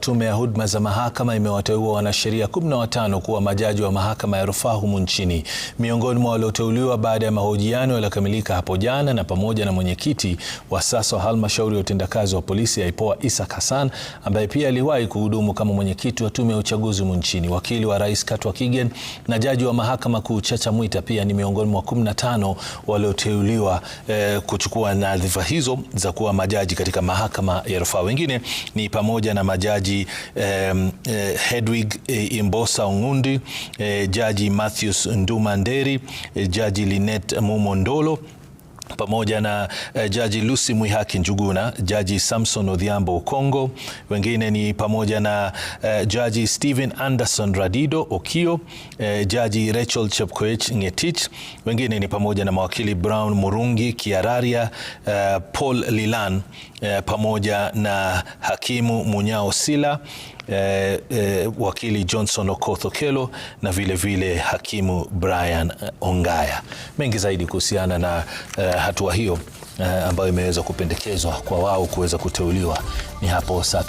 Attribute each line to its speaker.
Speaker 1: Tume ya huduma za mahakama imewateua wanasheria 15 kuwa majaji wa mahakama ya rufaa humu nchini. Miongoni mwa walioteuliwa baada ya mahojiano yaliyokamilika hapo jana na pamoja na mwenyekiti wa sasa wa halmashauri ya utendakazi wa polisi ya IPOA Isaac Hassan ambaye pia aliwahi kuhudumu kama mwenyekiti wa tume ya uchaguzi humu nchini. Wakili wa rais Katwa Kigen na jaji wa mahakama kuu Chacha Mwita pia ni miongoni mwa 15 walioteuliwa eh, kuchukua nadhifa hizo za kuwa majaji katika mahakama ya rufaa. Wengine ni pamoja na majaji Jaji um, uh, Hedwig eh, Imbosa Ongundi, uh, eh, Jaji Matthews Nduma Nderi, uh, Jaji Linet Mumondolo pamoja na eh, Jaji Lucy Mwihaki Njuguna, Jaji Samson Odhiambo Okongo, wengine ni pamoja na eh, Jaji Stephen Anderson Radido Okio, eh, Jaji Rachel Chepkoech Ngetich, wengine ni pamoja na mawakili Brown Murungi Kiararia, eh, Paul Lilan eh, pamoja na Hakimu Munyao Sila eh, eh, wakili Johnson Okoth Okelo na vile vile Hakimu Brian eh, Ongaya. Mengi zaidi kuhusiana na eh, hatua hiyo eh, ambayo imeweza kupendekezwa kwa wao kuweza kuteuliwa ni hapo saa